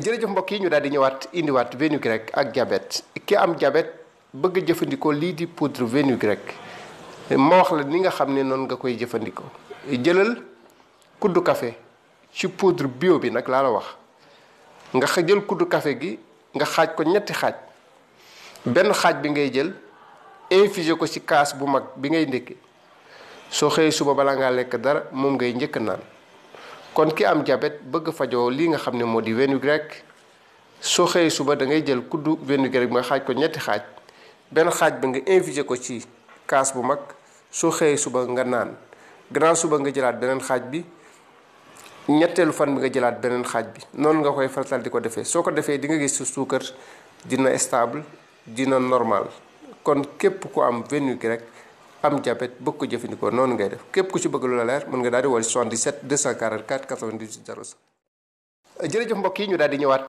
jërëjëf mbokk yi ñu daal di ñëwaat indiwaat fenugrec ak diabète ki am diabète bëgg jëfandikoo lii di poudre fenugrec ma wax ni nga xam ne noonu nga koy jëfandikoo jëlal kuddu kafe ci poudre bio bi nag laa la wax nga jël kuddu kafe gi nga xaaj ko ñetti xaaj benn xaaj bi ngay jël infusé ko ci kaas bu mag bi ngay ndékkee soo xëyee suba balaa ngaa lekk dara moom ngay njëkk naan kon ki am jabet bëgg fajoo lii nga xam ne moo di fenugrec soo xëyee suba da ngay jël kuddu fenugrec bi nga xaaj ko ñetti xaaj benn xaaj bi nga infusé ko ci kaas bu mag soo xëyee suba nga naan gannaaw suba nga jëlaat beneen xaaj bi ñetteelu fan bi nga jëlaat beneen xaaj bi noonu nga koy fartal di ko defee soo ko defee di nga gis su suukar dina stable dina normal kon képp ku am fenugrec am diabète bëgg ko jëfandikoo noonu ngay def képp ku ci bëgg lu la leer mën nga daal di woo 77 244 98 05. jërëjëf mbokk yi ñu daal ñëwaat.